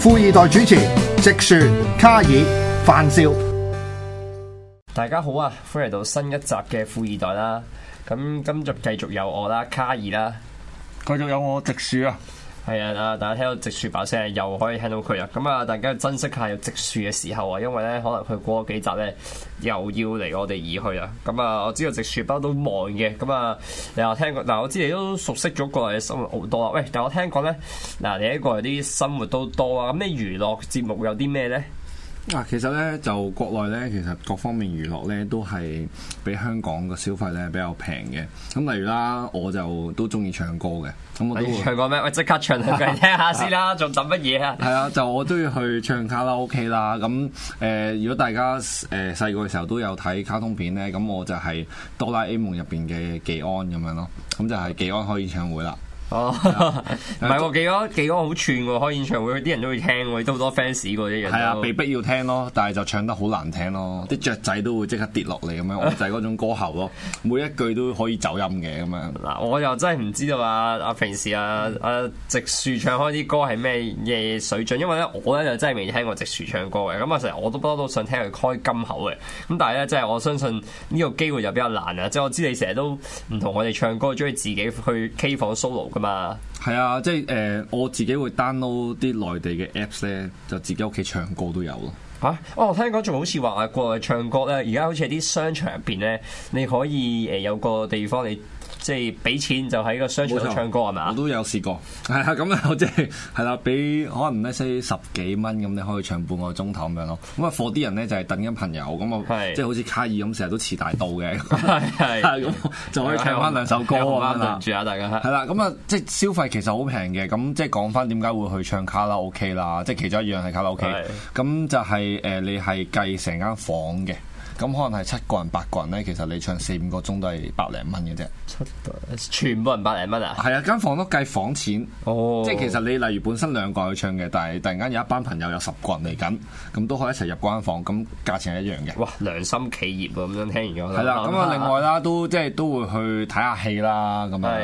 富易袋主持直樹、卡爾、范少，大家好啊！歡迎到新一集嘅富易袋啦。咁今集繼續有我啦，卡爾啦，繼續有我直樹啊！係啊，啊！大家聽到直樹把聲，又可以聽到佢啊。咁啊，大家珍惜下有直樹嘅時候啊，因為咧，可能佢過幾集咧，又要離我哋而去啊。咁啊，我知道直樹包都忙嘅。咁啊，你又聽過？嗱，我知你都熟悉咗過嚟嘅生活好多啊。喂，但我聽講咧，嗱，你喺過嚟啲生活都多啊。咁啲娛樂節目有啲咩咧？嗱、啊，其實咧就國內咧，其實各方面娛樂咧都係比香港嘅消費咧比較平嘅。咁例如啦，我就都中意唱歌嘅，咁我都會唱歌咩？喂，即刻唱兩句聽 下先啦，仲 等乜嘢啊？係啊，就我都要去唱卡拉 OK 啦。咁誒、呃，如果大家誒細個嘅時候都有睇卡通片咧，咁我就係哆啦 A 夢入邊嘅技安咁樣咯。咁就係技安開演唱會啦。哦，唔係，我記得幾多好串喎，開演唱會啲人都會聽喎，都好多 fans 喎，一日。係啊，我被逼要聽咯，但係就唱得好難聽咯，啲雀仔都會即刻跌落嚟咁樣，就係嗰種歌喉咯， 每一句都可以走音嘅咁樣。嗱，我又真係唔知道啊啊！平時啊啊，直樹唱開啲歌係咩嘢水準？因為咧，我咧就真係未聽過直樹唱歌嘅。咁啊，成日我都多都想聽佢開金口嘅。咁但係咧，即係我相信呢個機會就比較難啊！即係我知你成日都唔同我哋唱歌，中意自己去 K 房 solo。係嘛？係啊，即係誒、呃，我自己會 download 啲內地嘅 apps 咧，就自己屋企唱歌都有咯。吓、啊，哦，聽講仲好似話啊，過去唱歌咧，而家好似喺啲商場入邊咧，你可以誒、呃、有個地方你。即係俾錢就喺個商場唱歌係嘛？吧我都有試過，係啊咁、就是、啊即係係啦，俾可能唔知四十幾蚊咁，你可以唱半個鐘頭咁樣咯。咁啊 for 啲人咧就係、是、等緊朋友咁啊，即係是 好似卡爾咁成日都遲大到嘅，係係咁就可以唱翻兩首歌啦。對唔住下大家，係啦咁啊，即係消費其實好平嘅。咁即係講翻點解會去唱卡拉 OK 啦？即係其中一樣係卡拉 OK 是。咁就係、是、誒、呃，你係計成間房嘅。咁可能係七個人、八個人咧，其實你唱四五個鐘都係百零蚊嘅啫。七全部人百零蚊啊？係啊，間房都計房錢。哦，oh. 即係其實你例如本身兩個去唱嘅，但係突然間有一班朋友有十個人嚟緊，咁都可以一齊入嗰間房，咁價錢係一樣嘅。哇！良心企業喎、啊，咁樣聽完咗。係啦的，咁啊、嗯、另外啦，嗯、都即係都會去睇下戲啦，咁啊，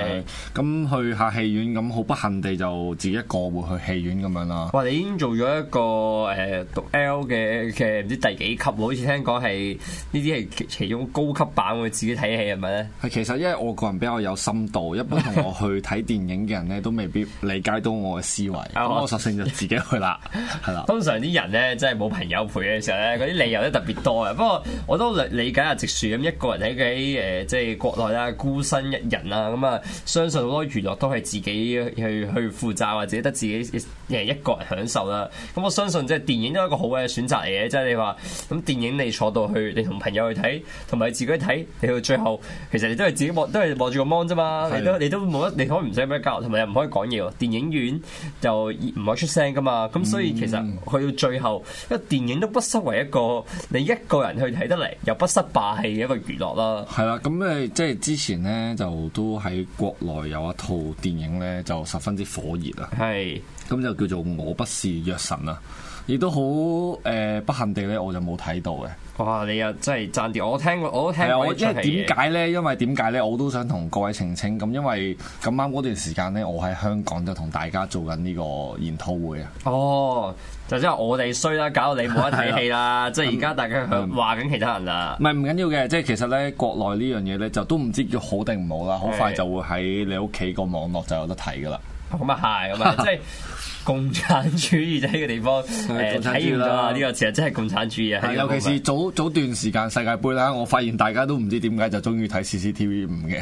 咁去下戲院，咁好不幸地就自己一個會去戲院咁樣啦。哇！你已經做咗一個誒、呃、讀 L 嘅嘅唔知第幾級喎？好似聽講係。呢啲係其中高級版，會自己睇戲係咪咧？係，其實因為我個人比較有深度， 一般同我去睇電影嘅人咧，都未必理解到我嘅思維。咁 我索性就自己去啦，係啦 了。通常啲人咧，真係冇朋友陪嘅時候咧，嗰啲理由都特別多嘅。不過我都理解下直樹咁一個人喺喺誒，即係國內啦，孤身一人啊。咁啊，相信好多娛樂都係自己去去負責或者得自己誒一個人享受啦。咁我相信即係電影都係一個好嘅選擇嚟嘅，即係你話咁電影你坐到去。你同朋友去睇，同埋自己去睇，你到最後，其實你都係自己望，都係望住個 mon 啫嘛是的 你。你都你都冇得，你可以唔使咩交，同埋又唔可以講嘢喎。電影院就唔可以出聲噶嘛。咁所以其實去到最後，嗯、因為電影都不失為一個你一個人去睇得嚟又不失霸氣嘅一個娛樂啦。係啦，咁誒即係之前咧就都喺國內有一套電影咧就十分之火熱啊。係，咁就叫做我不是藥神啊。亦都好誒不幸地咧，我就冇睇到嘅。哇！你又真係暫停，我聽我聽，我聽過。因為點解咧？因為點解咧？我都想同各位澄清。咁因為咁啱嗰段時間咧，我喺香港就同大家做緊呢個研討會啊。哦，就因為我哋衰啦，搞到你冇得睇戲啦。的即係而家大家喺話緊其他人啦、嗯。唔係唔緊要嘅，即、嗯、係、嗯嗯、其實咧，國內呢樣嘢咧就都唔知叫好定唔好啦。好的快就會喺你屋企個網絡就有得睇噶啦。咁啊係，咁啊即係。就是 共產主義就喺個地方體驗咗，呢個其實真係共產主義。尤其是早早段時間世界杯啦，我發現大家都唔知點解就中意睇 CCTV 五嘅。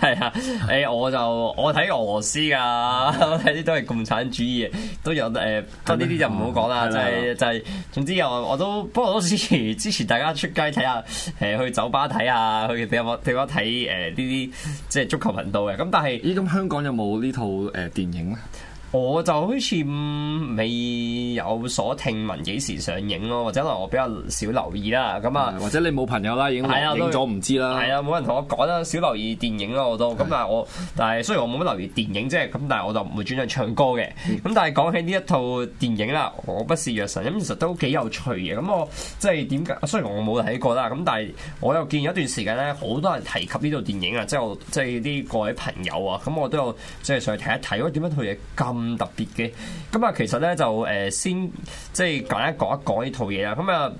係啊，誒視憲，我就我睇俄羅斯噶，睇啲 都係共產主義，都有誒。不過呢啲就唔好講啦，就係就係。總之又我都，不過都支持支持大家出街睇下，誒去酒吧睇下，去地方地睇誒呢啲即係足球頻道嘅。咁但係咦，咁香港有冇呢套誒電影咧？我就好似未有所聽聞幾時上映咯，或者可能我比較少留意啦。咁啊，或者你冇朋友啦，已經影咗唔知啦。係啊，冇、啊、人同我講啦，少留意電影咯，我都咁的。但係我但係雖然我冇乜留意電影，即係咁，但係我就唔會專去唱歌嘅。咁但係講起呢一套電影啦，《我不是藥神》，咁其實都幾有趣嘅。咁我即係點解？雖然我冇睇過啦，咁但係我又見有一段時間咧，好多人提及呢套電影啊，即係即係啲各位朋友啊，咁我都有即係上去睇一睇，點解套嘢咁～咁特別嘅，咁啊，其實咧就誒先，即係講一講一講呢套嘢啦。咁啊，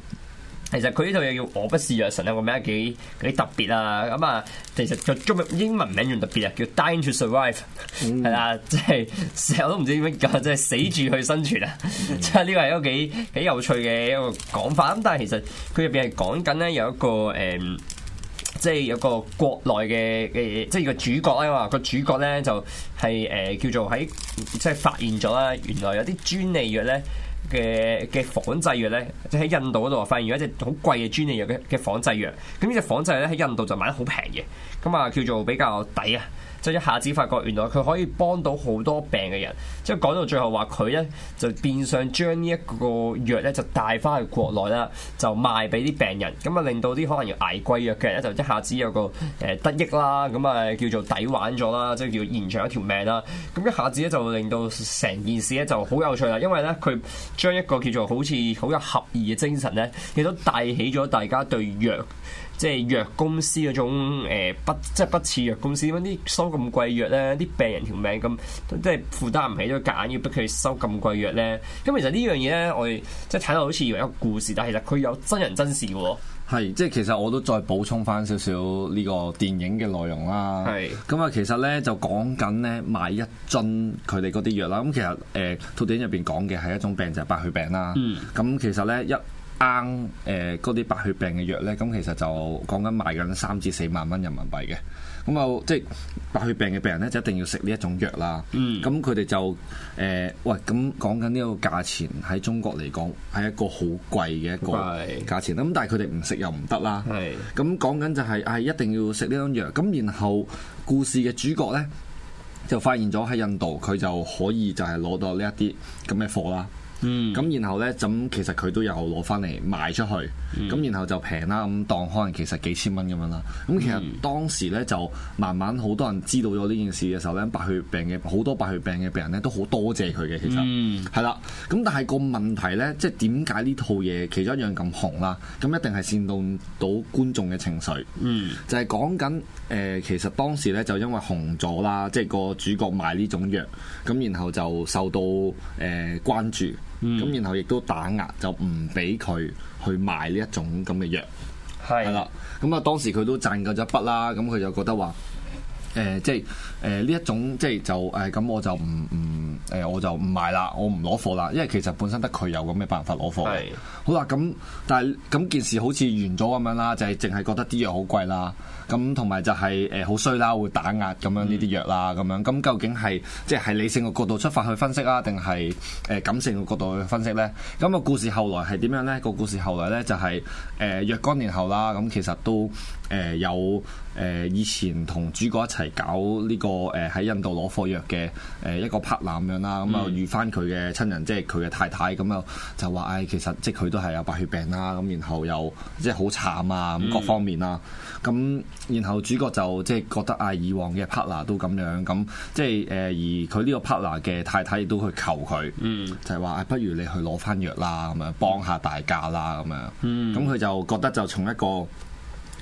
其實佢呢套嘢叫《我不是藥神》，個名幾幾特別啊。咁啊，其實佢中英文名仲特別啊，叫《Dying to Survive》，係啦、嗯，即係成日都唔知點解，即、就、係、是、死住去生存啊。即係呢個係一個幾幾有趣嘅一個講法。咁但係其實佢入邊係講緊咧有一個誒。嗯即係有個國內嘅誒，即係個主角咧嘛，個主角咧就係、是、誒、呃、叫做喺即係發現咗啦，原來有啲專利藥咧嘅嘅仿製藥咧，即喺印度嗰度發現咗一隻好貴嘅專利藥嘅嘅仿製藥，咁呢隻仿製藥咧喺印度就買得好平嘅，咁啊叫做比較抵啊！即一下子發覺原來佢可以幫到好多病嘅人，即係講到最後話佢咧就變相將呢一個藥咧就帶翻去國內啦，就賣俾啲病人，咁啊令到啲可能要捱貴藥嘅人咧就一下子有個誒得益啦，咁啊叫做抵玩咗啦，即係叫延長一條命啦，咁一下子咧就令到成件事咧就好有趣啦，因為咧佢將一個叫做好似好有合義嘅精神咧，亦都帶起咗大家對藥。即係藥公司嗰種不、呃，即係不似藥公司咁啲收咁貴藥咧，啲病人條命咁，即係負擔唔起，都夾硬要逼佢收咁貴藥咧。咁其實呢樣嘢咧，我哋即係睇到好似以為一個故事，但係其實佢有真人真事喎、啊。係，即係其實我都再補充翻少少呢個電影嘅內容啦。係是，咁啊，其實咧就講緊咧買一樽佢哋嗰啲藥啦。咁其實誒，套電影入邊講嘅係一種病就係、是、白血病啦。咁、嗯、其實咧一。啱誒嗰啲白血病嘅藥咧，咁其實就講緊賣緊三至四萬蚊人民幣嘅，咁啊即係白血病嘅病人咧就一定要食呢一種藥啦。嗯，咁佢哋就誒喂，咁講緊呢個價錢喺中國嚟講係一個好貴嘅一個價錢。咁，係，但係佢哋唔食又唔得啦。係，咁講緊就係係一定要食呢種藥。咁然後故事嘅主角咧就發現咗喺印度，佢就可以就係攞到呢一啲咁嘅貨啦。咁、嗯、然後呢，咁其實佢都有攞翻嚟賣出去，咁、嗯、然後就平啦，咁當可能其實幾千蚊咁樣啦。咁、嗯、其實當時呢，就慢慢好多人知道咗呢件事嘅時候呢，白血病嘅好多白血病嘅病人呢，都好多謝佢嘅，其實係啦。咁、嗯、但係個問題呢，即係點解呢套嘢其中一樣咁紅啦？咁一定係煽動到觀眾嘅情緒，嗯、就係講緊誒，其實當時呢，就因為紅咗啦，即係個主角賣呢種藥，咁然後就受到誒、呃、關注。咁、嗯、然後亦都打壓，就唔俾佢去賣呢一種咁嘅藥，係、係啦。咁啊，當時佢都賺夠咗一筆啦，咁佢就覺得話，誒、呃，即係。誒呢、呃、一種即係就誒咁、哎呃，我就唔唔誒我就唔買啦，我唔攞貨啦，因為其實本身得佢有咁嘅辦法攞貨，係的好啦，咁但係咁件事好似完咗咁樣，就是，是啦，就係淨係覺得啲藥好貴啦，咁同埋就係誒好衰啦，會打壓咁樣呢啲藥啦，咁樣咁究竟係即係理性嘅角度出發去分析啊，定係誒感性嘅角度去分析咧？咁、那個故事後來係點樣咧？那個故事後來咧就係，是、誒、呃、若干年後啦，咁其實都誒有誒、呃呃、以前同主角一齊搞呢、這個。誒喺印度攞貨藥嘅誒一個 partner 咁樣啦、嗯，咁啊遇翻佢嘅親人，即係佢嘅太太咁啊，就話唉、哎，其實即係佢都係有白血病啦，咁然後又即係好慘啊，咁、嗯、各方面啦，咁然後主角就即係覺得啊，以往嘅 partner 都咁樣咁，即係誒而佢呢個 partner 嘅太太亦都去求佢，嗯、就係話、哎、不如你去攞翻藥啦，咁樣幫下大家啦，咁樣咁佢、嗯、就覺得就從一個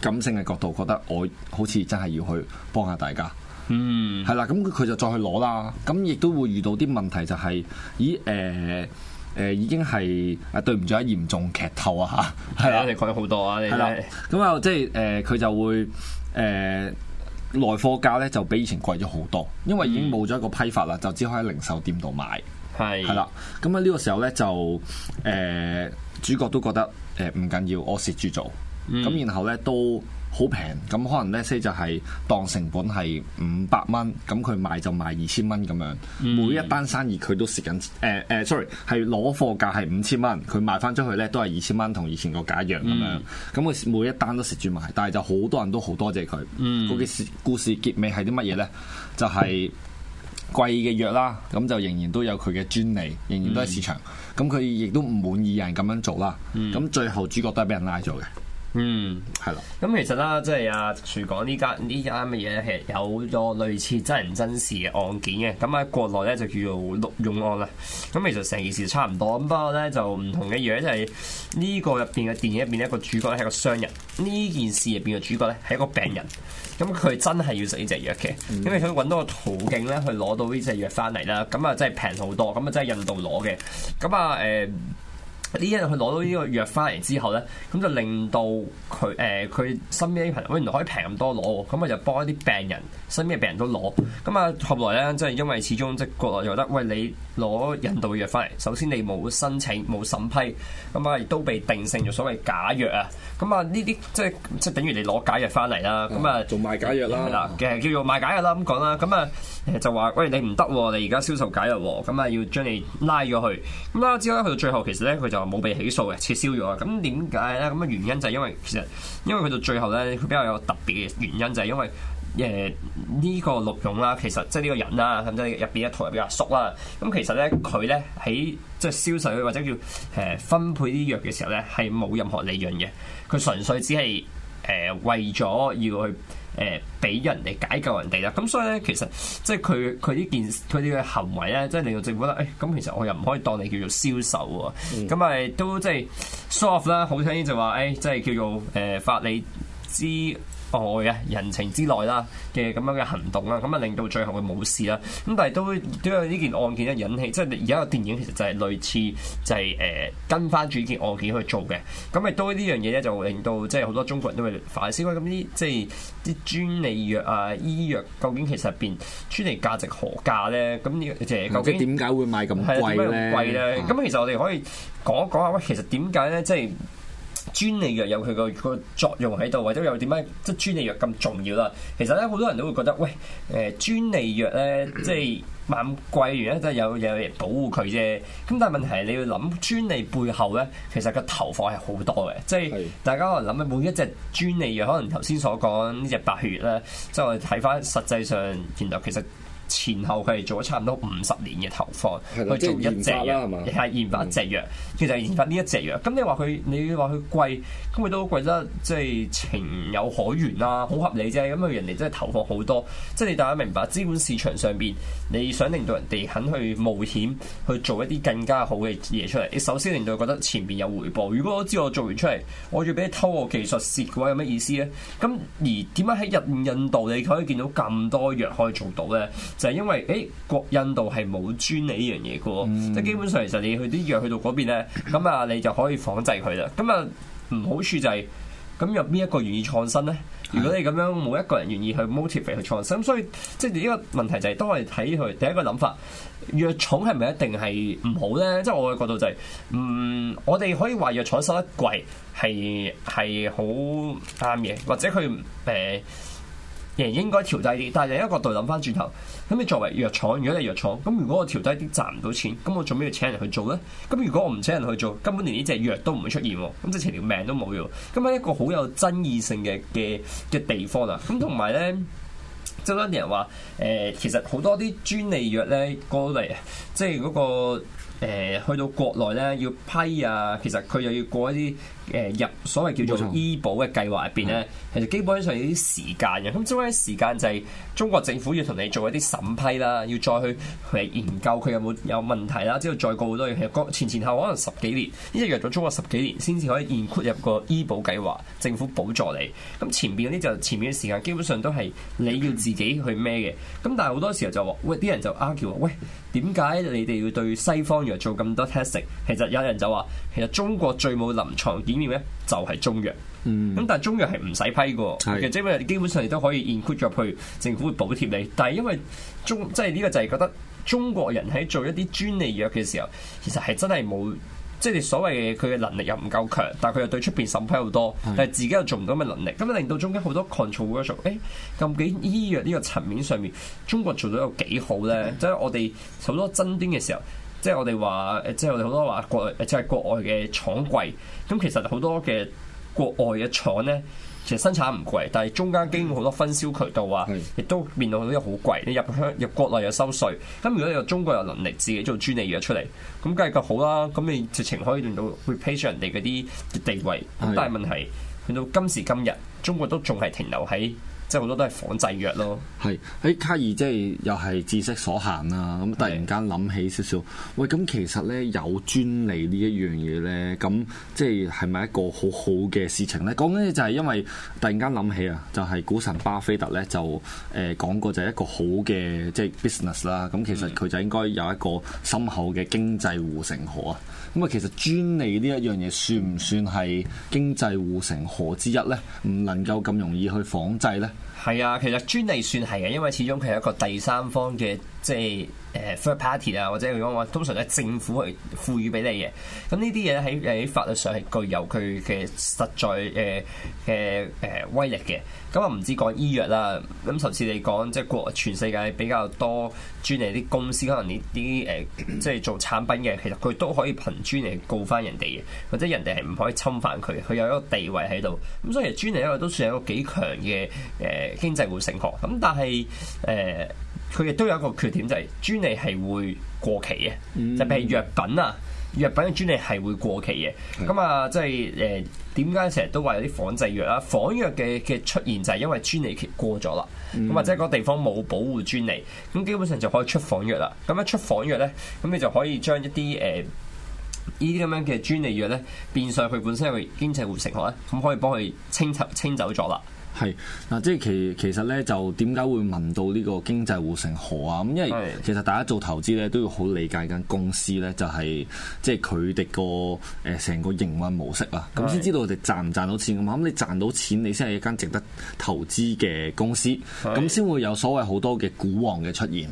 感性嘅角度覺得我好似真係要去幫下大家。嗯，係啦，咁 佢 就再去攞啦，咁亦都會遇到啲問題，就是，就係咦誒誒、呃呃，已經係啊，對唔住啊，嚴重劇透啊吓，係啦，你改咗好多啊，係 啦，咁啊即係誒，佢就會誒，入貨價咧就比以前貴咗好多，因為已經冇咗一個批發啦，就只可以喺零售店度買，係係啦，咁啊呢個時候咧就誒主角都覺得誒唔緊要，我蝕住做，咁、嗯、然後咧都。好平咁，可能呢 say 就係當成本係五百蚊，咁佢賣就賣二千蚊咁樣。嗯、每一單生意佢都蝕緊，誒、呃、誒、呃、sorry，係攞貨價係五千蚊，佢賣翻出去呢都係二千蚊，同以前個價一樣咁樣。咁佢、嗯、每一單都蝕住埋，但係就好多人都好多謝佢。故事、嗯、故事結尾係啲乜嘢呢？就係、是、貴嘅藥啦，咁就仍然都有佢嘅專利，仍然都係市場。咁佢亦都唔滿意人咁樣做啦。咁、嗯、最後主角都係俾人拉咗嘅。嗯，係咯。咁其實啦，即係阿樹講呢間呢間嘅嘢咧，其實有咗類似真人真事嘅案件嘅。咁喺國內咧就叫做陸勇案啦。咁其實成件事就差唔多，咁不過咧就唔同嘅嘢，就係呢個入邊嘅電影入邊一個主角係個商人，呢件事入邊嘅主角咧係一個病人。咁佢真係要食呢隻藥嘅，嗯，因為想揾到個途徑咧去攞到呢隻藥翻嚟啦。咁啊，真係平好多，咁啊，真係印度攞嘅。咁啊，誒。呢一人佢攞到呢個藥翻嚟之後咧，咁就令到佢誒佢身邊啲朋友，喂，原來可以平咁多攞，咁啊就幫一啲病人身邊嘅病人都攞。咁啊後來咧，即係因為始終即係國內就覺得，喂，你攞印度嘅藥翻嚟，首先你冇申請冇審批，咁啊都被定性做所謂假藥啊！咁啊，呢啲即係即係等於你攞解藥翻嚟啦。咁啊，做賣解藥啦，係啦，嘅 叫做賣解藥啦，咁講啦。咁、嗯、啊，誒就話，喂，你唔得喎，你而家銷售解藥喎、啊，咁、嗯、啊要將你拉咗去。咁、嗯、拉咗之後咧，去到最後其實咧，佢就冇被起訴嘅，撤銷咗。咁點解咧？咁啊，原因就係因為其實因為佢到最後咧，佢比較有特別嘅原因，就係因為，誒呢個錄用啦，其實即係呢個人啦，咁即係入邊一套入邊阿叔啦。咁其實咧，佢咧喺即係銷售或者叫誒分配啲藥嘅時候咧，係冇任何利潤嘅。佢純粹只係誒為咗要去誒俾人哋解救人哋啦。咁所以咧，其實即係佢佢呢件佢呢個行為咧，即係令到政府咧，誒、哎、咁其實我又唔可以當你叫做銷售喎。咁咪、嗯、都即係 soft 啦，好聽啲就話誒，即係叫做誒法理之內啊，人情之內啦嘅咁樣嘅行動啦，咁啊令到最後佢冇事啦。咁但係都都有呢件案件咧引起，即係而家個電影其實就係類似，就係、是、誒跟翻住件案件去做嘅。咁咪都呢樣嘢咧，就令到即係好多中國人都會反思啦。咁呢即係啲專利藥啊、醫藥，究竟其實變專利價值何價咧？咁呢？即係究竟點解會賣咁咁貴咧？咁、嗯、其實我哋可以講一講下喂，其實點解咧？即係。專利藥有佢個個作用喺度，或者又點解即係專利藥咁重要啦？其實咧，好多人都會覺得，喂，誒、呃，專利藥咧，即係咁貴完咧，都係有，有有保護佢啫。咁但係問題係你要諗專利背後咧，其實個投放係好多嘅，即係是大家可能諗緊，每一隻專利藥，可能頭先所講呢隻白血咧，即係我哋睇翻實際上原來其實。前後佢係做咗差唔多五十年嘅投放，去的做一隻藥，係研發一隻藥，嗯、其實係研發呢一隻藥。咁你話佢，你話佢貴，咁佢都貴得即係、就是、情有可原啦，好合理啫。咁佢人哋真係投放好多，即係你大家明白，資本市場上邊，你想令到人哋肯去冒險去做一啲更加好嘅嘢出嚟，你首先令到覺得前面有回報。如果我知我做完出嚟，我要俾你偷我技術蝕嘅話，有咩意思咧？咁而點解喺印印度你可以見到咁多藥可以做到咧？就係因為，誒、欸，國印度係冇專利呢樣嘢嘅喎，嗯、即係基本上，其實你去啲藥去到嗰邊咧，咁啊，你就可以仿製佢啦。咁啊，唔好處就係、是，咁有邊一個願意創新咧？是的 如果你咁樣冇一個人願意去 motivate 去創新，咁所以即係呢個問題就係、是，都係睇佢第一個諗法，藥廠係咪一定係唔好咧？即係我嘅角度就係、是，嗯，我哋可以話藥廠收得貴係係好啱嘅，或者佢誒。呃人應該調低啲，但係另一角度諗翻轉頭，咁你作為藥廠，如果你係藥廠，咁如果我調低啲賺唔到錢，咁我做咩要請人去做咧？咁如果我唔請人去做，根本連呢隻藥都唔會出現喎，咁即係條命都冇嘅喎。咁係一個好有爭議性嘅嘅嘅地方啦。咁同埋咧，即係當啲人話，誒、呃、其實好多啲專利藥咧過嚟，即係嗰、那個、呃、去到國內咧要批啊，其實佢又要過一啲。誒入所謂叫做醫保嘅計劃入邊咧，嗯、其實基本上有啲時間嘅。咁中間啲時間就係中國政府要同你做一啲審批啦，要再去去研究佢有冇有，有問題啦，之後再過好多嘢。其實前前後可能十幾年，呢隻藥藥中國十幾年先至可以 include 入個醫保計劃，政府補助你。咁前邊嗰啲就前面嘅時間，基本上都係你要自己去孭嘅。咁但係好多時候就話，喂啲人就 argue 話，喂點解你哋要對西方藥做咁多 test？其實有人就話，其實中國最冇臨床。」表咧就係、是、中藥，咁、嗯、但係中藥係唔使批嘅，其實基本基本上你都可以 include 入去，政府會補貼你。但係因為中即係呢個就係覺得中國人喺做一啲專利藥嘅時候，其實係真係冇，即係你所謂嘅佢嘅能力又唔夠強，但係佢又對出邊審批好多，但係自己又做唔到咁嘅能力，咁啊令到中間好多 controversial。誒、哎，究竟醫藥呢個層面上面中國做到有幾好咧？是即係我哋好多爭端嘅時候。即係我哋話，誒即係我哋好多話國，即係國外嘅廠貴。咁其實好多嘅國外嘅廠咧，其實生產唔貴，但係中間經過好多分銷渠道啊，亦、嗯、都變到啲嘢好貴。你入香入國內有收稅，咁如果你有中國有能力自己做專利藥出嚟，咁梗係更好啦。咁你直情可以令到會 replace 人哋嗰啲地位。咁是的 但係問題去到今時今日，中國都仲係停留喺。即係好多都係仿製藥咯，係、哎、喺卡爾即係又係知識所限啊！咁突然間諗起少少，是的 喂咁其實咧有專利呢一樣嘢咧，咁即係係咪一個好好嘅事情咧？講緊嘢就係因為突然間諗起啊，就係、是、股神巴菲特咧就誒講、呃、過，就係一個好嘅即係 business 啦。咁、就是、其實佢就應該有一個深厚嘅經濟護城河啊。咁啊，其實專利呢一樣嘢算唔算係經濟護城河之一咧？唔能夠咁容易去仿製咧？係啊，其實專利算係嘅，因為始終佢係一個第三方嘅，即係。誒 third party 啊，或者佢講話，通常咧政府去賦予俾你嘅。咁呢啲嘢喺誒法律上係具有佢嘅實在誒誒誒威力嘅。咁啊唔知講醫藥啦。咁頭先你講即係國全世界比較多專利啲公司，可能呢啲誒即係做產品嘅，其實佢都可以憑專利告翻人哋嘅，或者人哋係唔可以侵犯佢。佢有一個地位喺度。咁所以其實專利咧都算一個幾強嘅誒經濟護城河。咁但係誒。呃佢亦都有一個缺點，就係專利係會過期嘅，就譬如藥品啊，藥品嘅專利係會過期嘅。咁啊、嗯，即係誒點解成日都話有啲仿製藥啊？仿藥嘅嘅出現就係因為專利期過咗啦，咁或者嗰地方冇保護專利，咁基本上就可以出仿藥啦。咁一出仿藥咧，咁你就可以將一啲誒呢啲咁樣嘅專利藥咧變上佢本身嘅經濟活成藥咧，咁可以幫佢清拆清走咗啦。係嗱，即係其其實咧，就點解會問到呢個經濟護城河啊？咁因為其實大家做投資咧，都要好理解間公司咧，就係、是、即係佢哋個誒成個營運模式啊，咁先知道佢哋賺唔賺到錢咁啊。咁你賺到錢，你先係一間值得投資嘅公司，咁先會有所謂好多嘅股王嘅出現。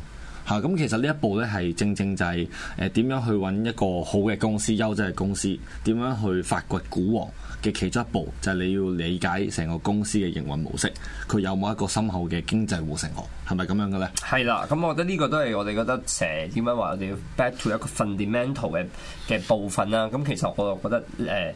啊，咁其實呢一步咧，係正正就係誒點樣去揾一個好嘅公司，優質嘅公司，點樣去發掘股王嘅其中一步，就係、是、你要理解成個公司嘅營運模式，佢有冇一個深厚嘅經濟護城河，係咪咁樣嘅咧？係啦，咁我覺得呢個都係我哋覺得誒點樣話，我哋要 back to 一個 fundamental 嘅嘅部分啦。咁其實我又覺得誒。呃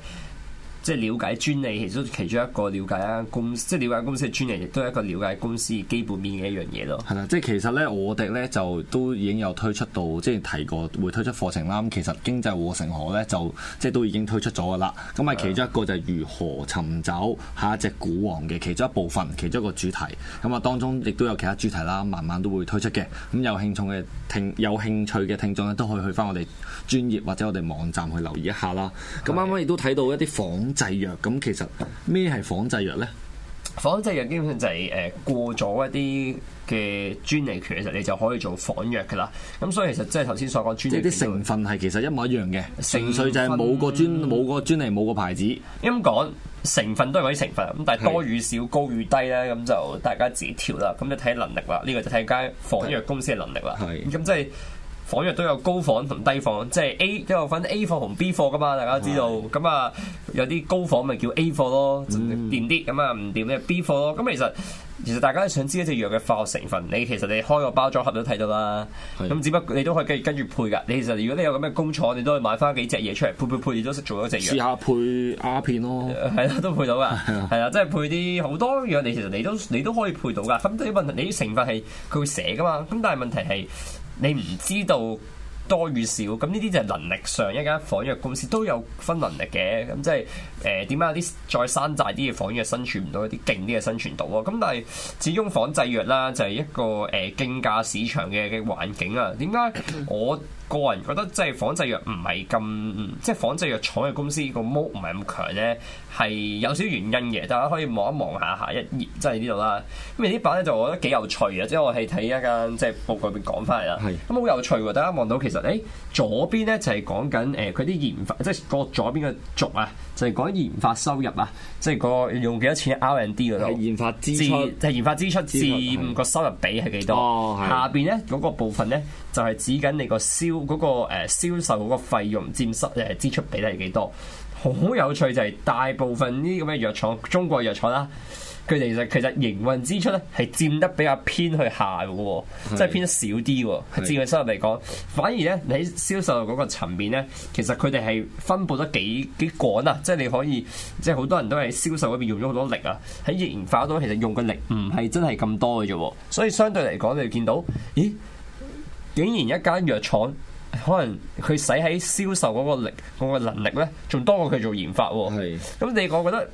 即係了解專利，其實都其中一個了解一間公司即係、就是、了解公司嘅專利，亦都係一個了解公司基本面嘅一樣嘢咯。係啦，即係其實咧，我哋咧就都已經有推出到，即、就、係、是、提過會推出課程啦。咁其實經濟和成學咧就即係都已經推出咗㗎啦。咁啊的，其中一個就係如何尋找下一隻股王嘅其中一部分，其中一個主題。咁啊，當中亦都有其他主題啦，慢慢都會推出嘅。咁有興趣嘅聽，有興趣嘅聽眾咧，都可以去翻我哋專業或者我哋網站去留意一下啦。咁啱啱亦都睇到一啲房製藥，咁其實咩係仿製藥咧？仿製藥基本上就係誒過咗一啲嘅專利權嘅時候，你就可以做仿藥噶啦。咁所以其實即係頭先所講專，即啲成分係其實一模一樣嘅，程序成分 就係冇個專冇，嗯、個專利冇個牌子。咁講，嗯、成分都係嗰啲成分，咁但係多與少、高與低咧，咁就大家自己調啦。咁就睇能力啦，呢，呢個就睇間仿藥公司嘅能力啦。係咁即係。仿藥都有高仿同低仿，即係 A 都有分 A 貨同 B 貨噶嘛，大家知道。咁啊是，有啲高仿咪叫 A 貨咯，掂啲、嗯；咁啊，唔掂咧 B 貨咯。咁其實其實大家想知一隻藥嘅化學成分，你其實你開個包裝盒都睇到啦。咁是只不過你都可以跟跟住配噶。你其實如果你有咁嘅工廠，你都可以買翻幾隻嘢出嚟配配配，你都識做一隻藥。試下配鴉片咯，係啦、呃，都配到噶。係啊， 係即係配啲好多藥，你其實你都你都，你都可以配到噶。咁啲問題，你啲成分係佢會寫噶嘛？咁但係問題係。你唔知道，多與少，咁呢啲就係能力上一間仿藥公司都有分能力嘅，咁、嗯、即係誒點解有啲再山寨啲嘅仿藥生存唔到，一啲勁啲嘅生存到啊？咁但係始終仿製藥啦，就係一個誒、呃、競價市場嘅嘅環境啊。點解我個人覺得即係仿製藥唔係咁，即係仿製藥廠嘅公司個 mo 唔係咁強咧？係有少少原因嘅，大家可以望一望下下一頁即係呢度啦。咁而呢版咧就我覺得幾有趣啊，即係我係睇一間即係報告入邊講翻嚟啦，咁好是有趣喎！大家望到其實。就、欸、左邊咧就係講緊誒佢啲研發，即係個左邊嘅軸啊，就係、是、講研發收入啊，即係個用幾多錢 R&D 嗰度，係研發支出，係、就是、研發支出佔個收入比係幾多？哦、下邊咧嗰個部分咧就係、是、指緊你個銷、嗰個銷嗰個誒售嗰個費用佔收誒支出比例係幾多？好有趣就係大部分呢啲咁嘅藥廠，中國藥廠啦、啊。佢哋其實其實營運支出咧係佔得比較偏去下嘅喎、哦，是的 即係偏得少啲喎。喺營運收入嚟講，是的 反而咧你喺銷售嗰個層面咧，其實佢哋係分布得幾幾廣啊！即係你可以，即係好多人都喺銷售嗰邊用咗好多力啊。喺研發度其實用嘅力唔係真係咁多嘅啫、哦，所以相對嚟講，你見到咦，竟然一間藥廠。可能佢使喺銷售嗰個力，嗰個能力咧，仲多過佢做研發喎。咁是的 你我覺得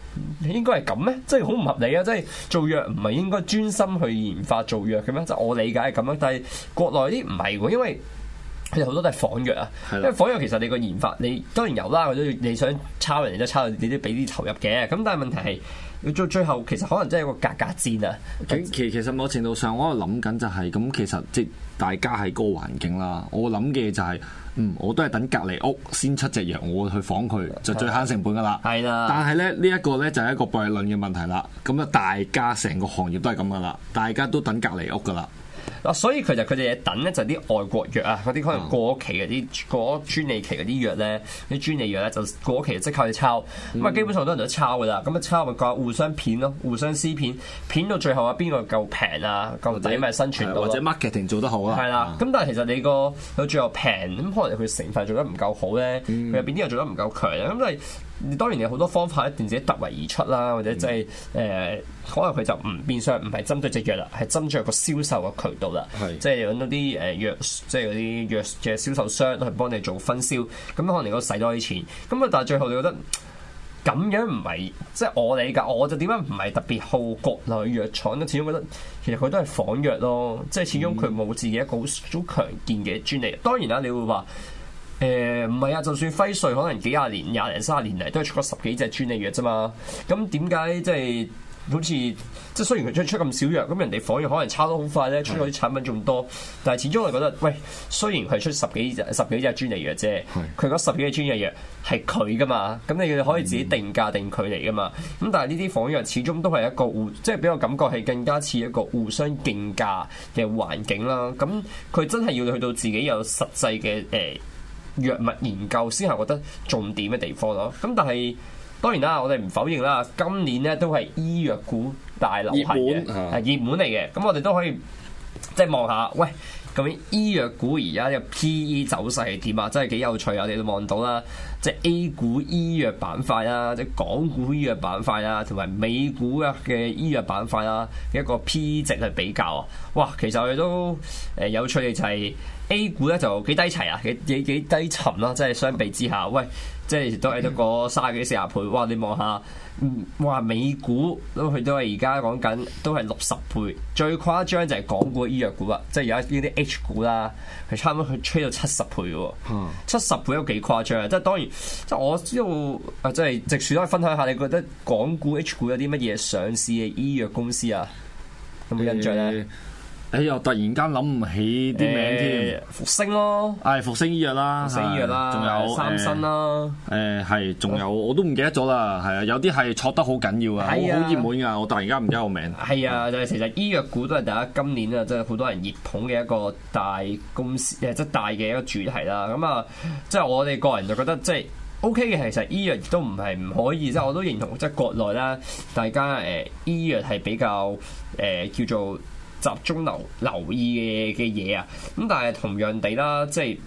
應該係咁咩？即係好唔合理啊！即係做藥唔係應該專心去研發做藥嘅咩？即係我理解係咁啦。但係國內啲唔係喎，因為。其實好多都係仿藥啊，係啦因為仿藥其實你個研發，你當然有啦。佢都你想抄人哋都抄，你都俾啲投入嘅。咁但係問題係，做最後其實可能真係一個價格戰啊。其其實某程度上，我喺度諗緊就係、是、咁，其實即大家喺嗰個環境啦。我諗嘅就係，嗯，我都係等隔離屋先出隻藥，我去仿佢就最慳成本噶啦。係啦是的。但係咧呢一個咧就係一個博弈論嘅問題啦。咁啊，大家成個行業都係咁噶啦，大家都等隔離屋噶啦。嗱，所以其實佢哋等咧就係啲外國藥啊，嗰啲可能過期嘅啲過咗專利期嗰啲藥咧，啲專利藥咧就過期即刻去抄，咁啊基本上好多人都抄噶啦，咁啊抄咪夠互相片咯，互相撕片，片到最後啊邊個夠平啊者夠抵咪生存，或者 marketing 做得好啊，係啦，咁、啊、但係其實你個佢最後平咁，可能佢成分做得唔夠好咧，佢入邊啲又做得唔夠強啊，咁就。你當然你有好多方法，一定自己突圍而出啦，或者即係誒，可能佢就唔變相唔係針對隻藥啦，係針對個銷售嘅渠道啦是、呃，即係揾嗰啲誒藥，即係嗰啲藥嘅銷售商去幫你做分銷，咁可能你使多啲錢，咁啊，但係最後你覺得咁樣唔係，即係我理解，我就點解唔係特別好國內藥廠咧？始終覺得其實佢都係仿藥咯，即係始終佢冇自己一個好強健嘅專利。當然啦，你會話。誒唔係啊，就算輝瑞可能幾廿年、廿零三十年嚟，都係出過十幾隻專利藥啫嘛。咁點解即係好似即係雖然佢出出咁少藥，咁人哋仿藥可能抄得好快咧，出到啲產品仲多。但係始終我覺得，喂，雖然係出十幾隻十幾隻專利藥啫，佢嗰是的 十幾隻專利藥係佢噶嘛，咁你可以自己定價定佢嚟噶嘛。咁但係呢啲仿藥始終都係一個互，即係俾我感覺係更加似一個互相競價嘅環境啦。咁佢真係要去到自己有實際嘅誒。呃藥物研究先係覺得重點嘅地方咯，咁但係當然啦，我哋唔否認啦，今年呢都係醫藥股大流行嘅，係熱門嚟嘅，咁、啊、我哋都可以即係望下，喂。咁醫藥股而家嘅 P E 走勢係點啊？真係幾有趣啊！你哋都望到啦，即係 A 股醫藥板塊啦，即係港股醫藥板塊啦，同埋美股嘅嘅醫藥板塊啦，一個 P 值去比較啊！哇，其實佢都誒有趣嘅就係、是、A 股咧就幾低齊啊，幾幾幾低沉啦，即係相比之下，喂。即係都係得個三十幾四十倍，哇！你望下，哇！美股咁佢都係而家講緊都係六十倍，最誇張就係港股醫藥股啦。即係而家呢啲 H 股啦，佢差唔多去吹到七十倍嘅喎，七十倍都幾誇張啊！即係當然，即係我知道，啊，即係直樹都可以分享下，你覺得港股 H 股有啲乜嘢上市嘅醫藥公司啊？有冇印象咧？嗯哎，又突然間諗唔起啲名添。復星咯，係復星醫藥啦，復星醫藥啦，仲有三生啦。誒，係，仲有我都唔記得咗啦。係啊，有啲係錯得好緊要啊，係啊，好熱門噶。我突然間唔記得個名。係啊，就係、是、其實醫藥股都係大家今年啊，真係好多人熱捧嘅一個大公司，誒，即係大嘅一個主題啦。咁啊，即係我哋個人就覺得即係 O K 嘅。其實醫藥亦都唔係唔可以，即係我都認同，即、就、係、是、國內啦，大家誒、呃，醫藥係比較誒叫做。叫做叫做叫集中留留意嘅嘅嘢啊，咁但係同樣地啦，即係。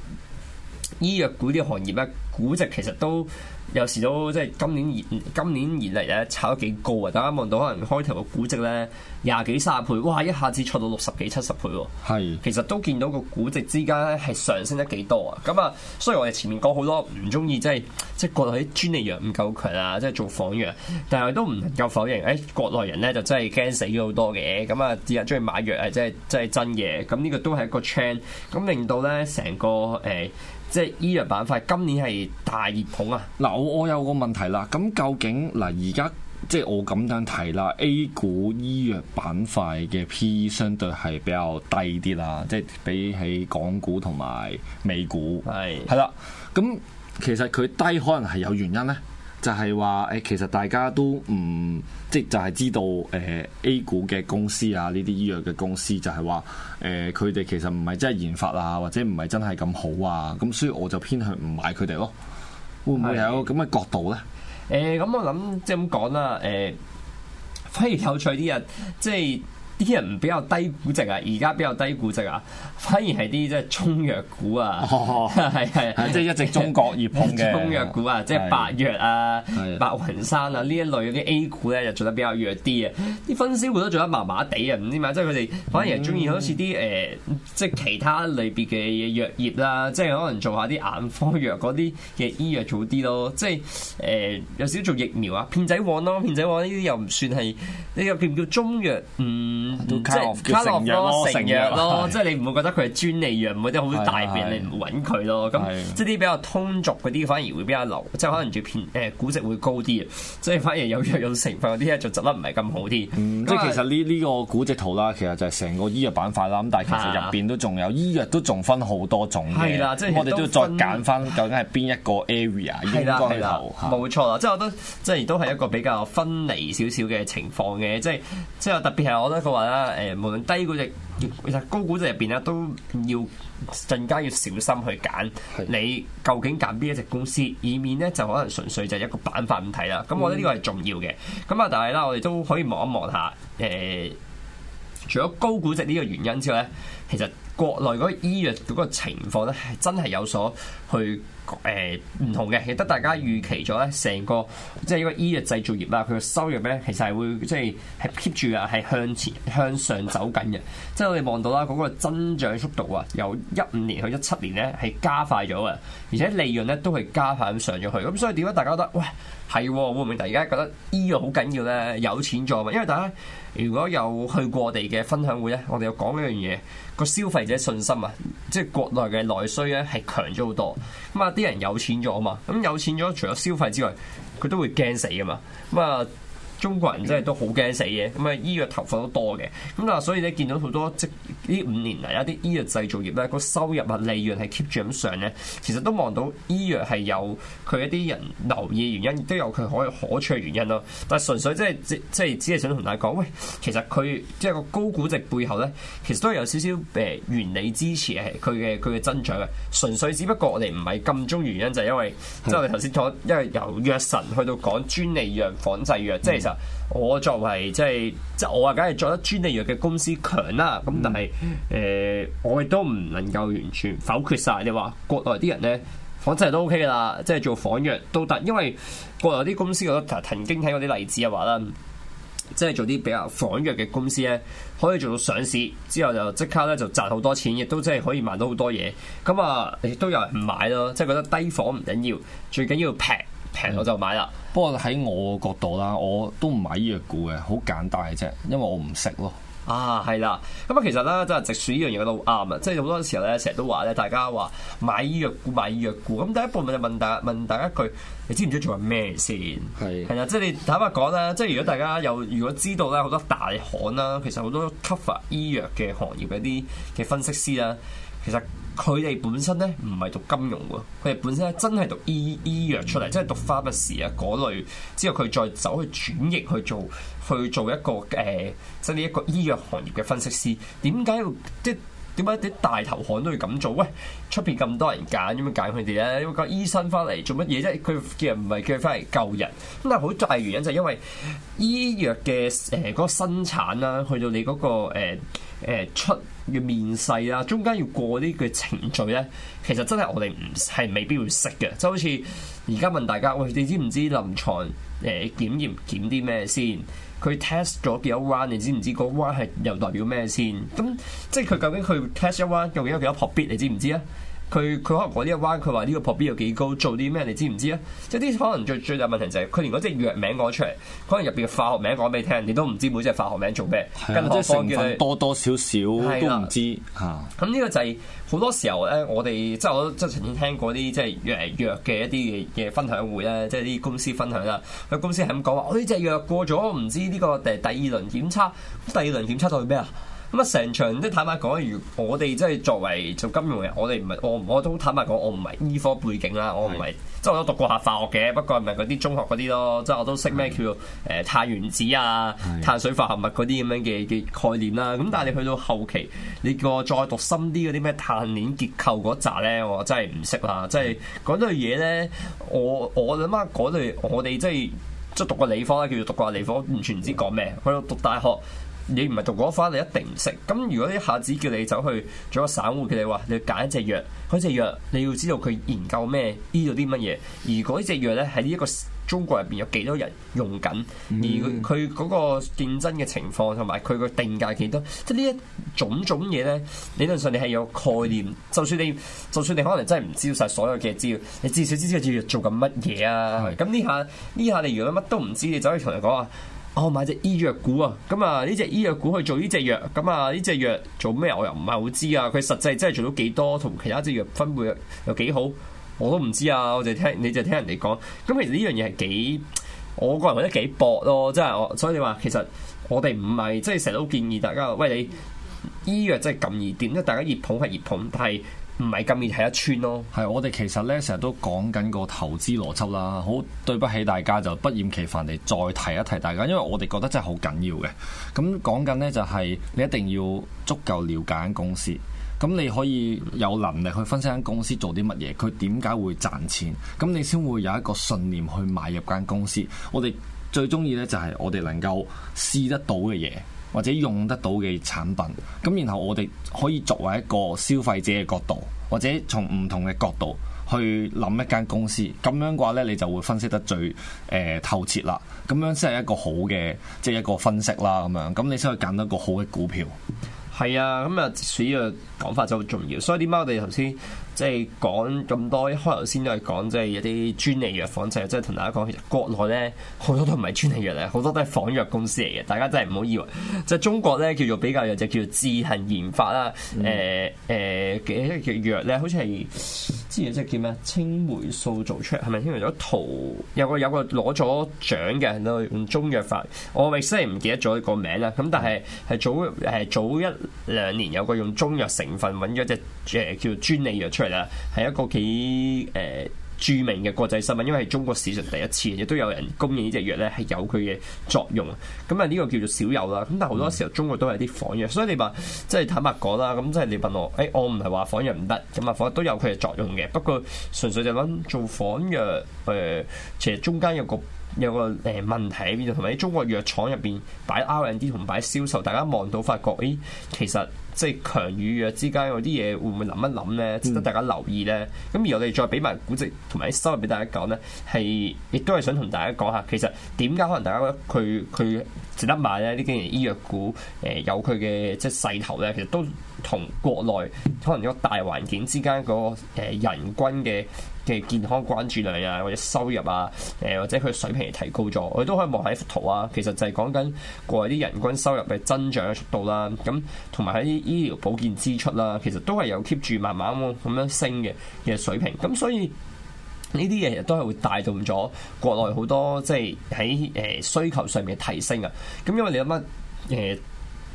醫藥股啲行業咧，估值其實都有時都即係今年年今年而嚟咧炒得幾高啊！大家望到可能開頭個估值咧廿幾三十倍，哇！一下子出到六十幾七十倍喎、哦。係是，其實都見到個估值之間咧係上升得幾多啊！咁啊，雖然我哋前面講好多唔中意，即係即係國內啲專利藥唔夠強啊，即係做仿藥，但係都唔能夠否認，誒、哎、國內人咧就真係驚死咗好多嘅。咁啊，啲人中意買藥啊，即係即係真嘅。咁呢個都係一個 trend，咁令到咧成個誒。呃即係醫藥板塊今年係大熱捧！啊，嗱，我我有個問題啦，咁究竟嗱而家即係我咁樣睇啦，A 股醫藥板塊嘅 PE 相對係比較低啲啦，即係比起港股同埋美股係係是啦，咁其實佢低可能係有原因咧。就係話誒，其實大家都唔即就係知道誒、欸、A 股嘅公司啊，呢啲醫藥嘅公司就係話誒，佢、欸、哋其實唔係真係研發啊，或者唔係真係咁好啊，咁所以我就偏向唔買佢哋咯。會唔會有咁嘅角度咧？誒 Okay.、呃，咁我諗即係咁講啦。誒、呃，反而有趣啲人，即係。啲人比較低估值啊，而家比較低估值啊，反而係啲即係中藥股啊、哦，係係 即係一直中國熱捧嘅中藥股啊，即係白藥啊、的白雲山啊呢一類嗰啲 A 股咧就做得比較弱啲啊，啲的分銷股都做得麻麻地啊，唔知嘛。即係佢哋反而係中意好似啲誒即係其他類別嘅嘢藥業啦，即係可能做下啲眼科藥嗰啲嘅醫藥做啲咯，即係誒、呃、有少做疫苗啊，片仔癀咯，片仔癀呢啲又唔算係呢個叫唔叫中藥，中藥嗯？卡即係成咯，成藥咯，藥咯是 即係你唔會覺得佢係專利藥，唔會啲好大便你唔揾佢咯。咁是的 即係啲比較通俗嗰啲反而會比較流，即係可能仲偏誒估值會高啲，即所反而有藥用成分嗰啲嘢就執得唔係咁好啲。嗯、這樣 即係其實呢呢個估值圖啦，其實就係成個醫藥板塊啦。咁但係其實入邊都仲有是的 醫藥都仲分好多種嘅，的我哋都要再揀翻究竟係邊一個 area 應該投。冇錯啦，即係我覺得即係都係一個比較分離少少嘅情況嘅，即係即係特別係我覺得、那個。話啦，誒，無論低估值，其實高估值入邊啦，都要更加要小心去揀。你究竟揀邊一隻公司，以免咧就可能純粹就一個板塊咁睇啦。咁我覺得呢個係重要嘅。咁啊，但係啦，我哋都可以望一望下，誒，除咗高估值呢個原因之外咧，其實。國內嗰個醫藥嗰個情況咧，係真係有所去誒唔同嘅，亦得大家預期咗咧。成個即係呢個醫藥製造業啦，佢嘅收入咧，其實係會即係係 keep 住啊，係向前向上走緊嘅。即係我哋望到啦，嗰個增長速度啊，由一五年去一七年咧係加快咗啊，而且利潤咧都係加快咁上咗去。咁所以點解大家覺得喂係會唔會，突然間覺得醫藥好緊要咧，有錢做啊？因為大家如果有去過我哋嘅分享會咧，我哋有講一樣嘢。個消費者信心啊，即係國內嘅內需咧係強咗好多，咁啊啲人有錢咗啊嘛，咁有錢咗除咗消費之外，佢都會驚死㗎嘛，咁啊。中國人真係都好驚死嘅，咁啊醫藥投放都多嘅，咁啊所以咧見到好多即呢五年嚟一啲醫藥製造業咧，個收入同利潤係 keep 住咁上咧，其實都望到醫藥係有佢一啲人留意嘅原因，亦都有佢可以可取嘅原因咯。但係純粹即係即係只係想同大家講，喂，其實佢即係個高估值背後咧，其實都有少少誒原理支持係佢嘅佢嘅增長嘅。純粹只不過我哋唔係咁中意原因，就係、係、因為 即係我哋頭先講，因為由藥神去到講專利藥仿製藥，即係我作為即係即係，我話梗係做得專利藥嘅公司強啦。咁但係誒，我亦都唔能夠完全否決晒。你話國內啲人咧，仿製藥都 OK 啦，即係做仿藥都得。因為國內啲公司我曾經睇過啲例子又話啦，即係做啲比較仿藥嘅公司咧，可以做到上市之後就即刻咧就賺好多錢，亦都即係可以買到好多嘢。咁啊，亦都有人唔買咯，即係覺得低仿唔緊要，最緊要平。平我就買啦、嗯。不過喺我角度啦，我都唔買醫藥股嘅，好簡單嘅啫，因為我唔識咯。啊，係啦。咁啊，其實咧，就係直樹呢樣嘢都啱啊。即係好多時候咧，成日都話咧，大家話買醫藥股買醫藥股。咁第一步就問大家問大家一句，你知唔知做緊咩先？係係啦，即係你坦白講啦。即係如果大家有如果知道咧，好多大行啦，其實好多 cover 醫藥嘅行業嘅一啲嘅分析師啊。其實佢哋本身咧唔係讀金融喎，佢哋本身咧真係讀醫醫藥出嚟，即係讀 pharmacy 啊嗰類，之後佢再走去轉型去做去做一個誒，即係呢一個醫藥行業嘅分析師。點解要即？點解啲大頭漢都要咁做？喂，出邊咁多人揀，點樣揀佢哋咧？因為個醫生翻嚟做乜嘢啫？佢叫唔係叫佢翻嚟救人。咁但係好大原因就係因為醫藥嘅誒嗰個生產啦，去到你嗰、那個誒、呃呃、出嘅面世啦，中間要過啲嘅程序咧，其實真係我哋唔係未必會識嘅。就好似而家問大家，喂、呃，你知唔知臨床誒檢驗檢啲咩先？佢 test 咗幾多 one，你知唔知嗰 one 係又代表咩先？咁即係佢究竟佢 test 一 one 究竟有幾多 port bit，你知唔知啊？佢佢可能講呢一關，佢話呢個 probability 幾高，做啲咩你知唔知啊？即係啲可能最最大問題就係佢連嗰隻藥名講出嚟，可能入邊嘅化學名講俾你聽，你都唔知每隻化學名做咩，跟住、啊、成分多多少少、啊、都唔知咁。呢個就係好多時候咧，我哋即係我都曾經聽過啲即係藥藥嘅一啲嘅分享會咧，即係啲公司分享啦。佢公司係咁講話，呢隻藥過咗，唔知呢、這個第第二輪檢測，第二輪檢測到係咩啊？咁啊，成場即係坦白講，如我哋即係作為做金融嘅，我哋唔係我我都坦白講，我唔係醫科背景啦，我唔係是即係我都讀過下化學嘅，不過唔係嗰啲中學嗰啲咯，即係我都識咩叫做誒碳原子啊、碳水化合物嗰啲咁樣嘅嘅概念啦。咁但係你去到後期，你叫我再讀深啲嗰啲咩碳鏈結構嗰集咧，我真係唔識啦。即係嗰類嘢咧，我我諗下嗰類我哋即係即係讀過理科啦，叫做讀過下理科，完全唔知講咩。去到讀大學。你唔係讀嗰一翻，你一定唔識。咁如果一下子叫你走去做個散戶，佢你話你要揀一隻藥，嗰隻藥你要知道佢研究咩，醫到啲乜嘢，而嗰隻藥咧喺呢一個中國入邊有幾多人用緊，嗯、而佢佢嗰個競爭嘅情況同埋佢個定價幾多，即係呢一種種嘢咧，理論上你係有概念。就算你就算你可能真係唔知晒所有嘅資料，你至少知知佢做緊乜嘢啊？咁呢下呢下你如果乜都唔知，你走去同佢講啊？我、哦、買隻醫藥股啊，咁啊呢隻醫藥股去做呢隻藥，咁啊呢隻藥做咩？我又唔係好知啊，佢實際真係做到幾多，同其他隻藥分配有幾好，我都唔知啊。我就聽你就聽人哋講，咁、嗯、其實呢樣嘢係幾，我個人覺得幾薄咯，即係我所以你話其實我哋唔係即係成日都建議大家，喂你醫藥真係咁易點，因為大家熱捧係熱捧，但係。唔係咁易，係一寸咯。係，我哋其實咧成日都講緊個投資邏輯啦。好，對不起大家，就不厭其煩地再提一提大家，因為我哋覺得真係好緊要嘅。咁講緊呢，就係你一定要足夠了解間公司，咁你可以有能力去分析間公司做啲乜嘢，佢點解會賺錢，咁你先會有一個信念去買入間公司。我哋最中意呢，就係我哋能夠試得到嘅嘢。或者用得到嘅產品，咁然後我哋可以作為一個消費者嘅角度，或者從唔同嘅角度去諗一間公司，咁樣嘅話呢，你就會分析得最誒、呃、透徹啦。咁樣先係一個好嘅，即係一個分析啦。咁樣咁你先可以揀到個好嘅股票。係啊，咁、嗯、啊，呢個講法就好重要。所以點解我哋頭先。即係講咁多，開頭先都係講即係有啲專利藥仿製，即係同大家講其實國內咧好多都唔係專利藥咧，好多都係仿藥公司嚟嘅。大家真係唔好以為，即係中國咧叫做比較有隻叫做自行研發啦。誒誒嘅藥咧，好似係之前即係叫咩青霉素做出嚟，係咪？因為有個有個攞咗獎嘅，用中藥法。我係真係唔記得咗個名啦。咁但係係早誒早一兩年有個用中藥成分揾咗隻誒叫專利藥出嚟。係啦，係一個幾誒、呃、著名嘅國際新聞，因為係中國史上第一次，亦都有人供應呢隻藥咧係有佢嘅作用。咁啊呢個叫做少有啦。咁但係好多時候中國都係啲仿藥，所以你話即係坦白講啦，咁即係你問我，誒、欸、我唔係話仿藥唔得，咁啊仿藥都有佢嘅作用嘅，不過純粹就諗做仿藥誒、呃，其實中間有個有個誒問題喺邊度，同埋喺中國藥廠入邊擺 R N D 同擺銷售，大家望到發覺，誒、欸、其實。即係強與弱之間，嗰啲嘢會唔會諗一諗咧？值得大家留意咧。咁、嗯、而我哋再俾埋估值同埋收入俾大家講咧，係亦都係想同大家講下，其實點解可能大家覺得佢佢值得買咧？呢幾隻醫藥股誒、呃、有佢嘅即係勢頭咧，其實都同國內可能一個大環境之間個誒人均嘅。呃嘅健康關注量啊，或者收入啊，誒或者佢水平提高咗，我哋都可以望下幅圖啊。其實就係講緊國內啲人均收入嘅增長嘅速度啦。咁同埋喺醫療保健支出啦，其實都係有 keep 住慢慢咁樣升嘅嘅水平。咁所以呢啲嘢都係會帶動咗國內好多即係喺誒需求上面嘅提升啊。咁因為你有乜誒？呃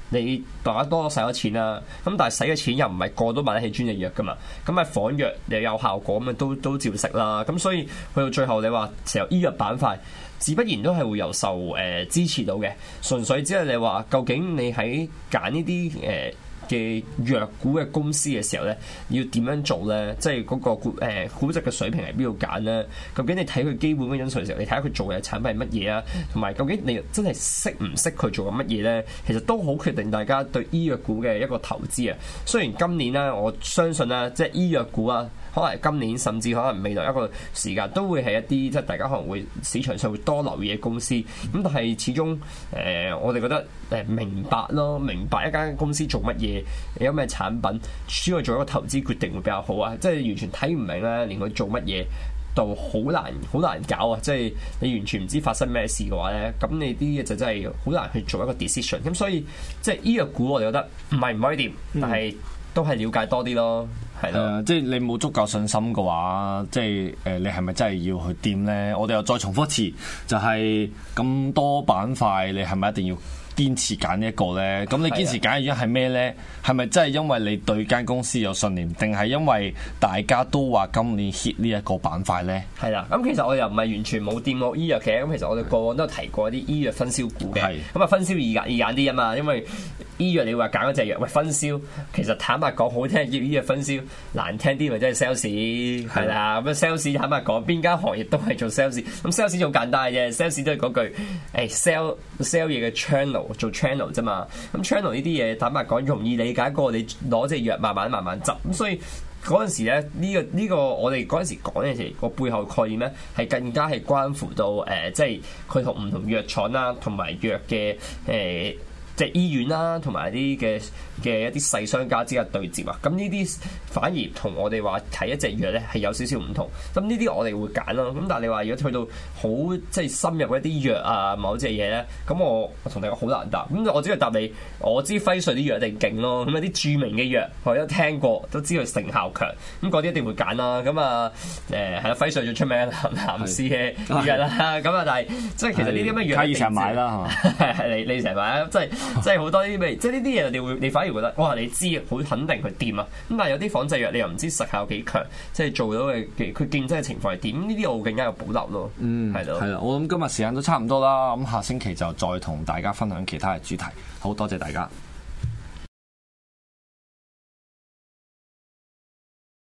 你大家多使咗錢啦，咁但係使嘅錢又唔係個個都買得起專藥㗎嘛，咁啊，仿藥又有效果咁，都都照食啦，咁所以去到最後你話成日醫藥板塊自不然都係會由受誒支持到嘅，純粹只係你話究竟你喺揀呢啲誒。嘅藥股嘅公司嘅時候咧，要點樣做咧？即係嗰個估、呃、估值嘅水平係邊度揀咧？究竟你睇佢基本嘅因素嘅時候，你睇下佢做嘅產品係乜嘢啊？同埋究竟你真係識唔識佢做緊乜嘢咧？其實都好決定大家對醫藥股嘅一個投資啊。雖然今年咧、啊，我相信啊，即係醫藥股啊。可能今年甚至可能未來一個時間都會係一啲即係大家可能會市場上會多留意嘅公司，咁但係始終誒、呃、我哋覺得誒、呃、明白咯，明白一間公司做乜嘢，有咩產品先去做一個投資決定會比較好啊！即係完全睇唔明咧，連佢做乜嘢都好難好難搞啊！即係你完全唔知發生咩事嘅話咧，咁你啲嘢就真係好難去做一個 decision。咁、嗯、所以即係呢個股我哋覺得唔係唔可以掂，但係，嗯都係了解多啲咯，係咯、嗯，即係你冇足夠信心嘅話，即係誒，你係咪真係要去掂咧？我哋又再重複一次，就係、是、咁多板塊，你係咪一定要？堅持揀一個咧，咁你堅持揀嘅原因係咩咧？係咪是、啊、真係因為你對間公司有信念，定係因為大家都話今年 hit 呢一個板塊咧？係啦、啊，咁其實我又唔係完全冇掂過醫藥嘅，咁其實我哋過往都有提過啲醫藥分銷股嘅，咁是啊分銷易揀易揀啲啊嘛，因為醫藥你話揀嗰隻藥，喂分銷，其實坦白講好聽叫醫藥分銷，難聽啲咪真係 sales 係啦，咁 sales 坦白講邊間行業都係做 sales，咁 sales 好簡單嘅啫，sales 都係嗰句，誒 sell sell 嘢嘅 channel。做 channel 啫嘛，咁 channel 呢啲嘢坦白講容易理解過，你攞隻藥慢慢慢慢執，咁所以嗰陣時咧呢、呢個呢、呢個我哋嗰陣時講嗰陣時個背後概念咧係更加係關乎到誒，即係佢同唔同藥廠啦、啊，同埋藥嘅誒。呃隻醫院啦、啊，同埋啲嘅嘅一啲細商家之間對接啊，咁呢啲反而同我哋話睇一隻藥咧係有少少唔同，咁呢啲我哋會揀咯、啊。咁但係你話如果去到好即係深入一啲藥啊，某隻嘢咧，咁我同你講好難答。咁我只係答你，我知輝瑞啲藥一定勁咯、啊。咁有啲著名嘅藥，我有聽過，都知道成效強。咁嗰啲一定會揀啦、啊。咁啊誒係、欸、啊，輝瑞最出名嘅藍絲嘅藥啦。咁啊是， 但係即係其實呢啲咁嘅藥，喺市場買啦， 你你成日買，即係。 即係好多啲咩，即係呢啲嘢你會，你反而覺得，哇！你知好肯定佢掂啊，咁但係有啲仿製藥你又唔知實效有幾強，即係做到嘅佢競爭嘅情況係點？呢啲我更加有保留咯。嗯，係咯的，係啦，我諗今日時間都差唔多啦，咁下星期就再同大家分享其他嘅主題。好多謝大家。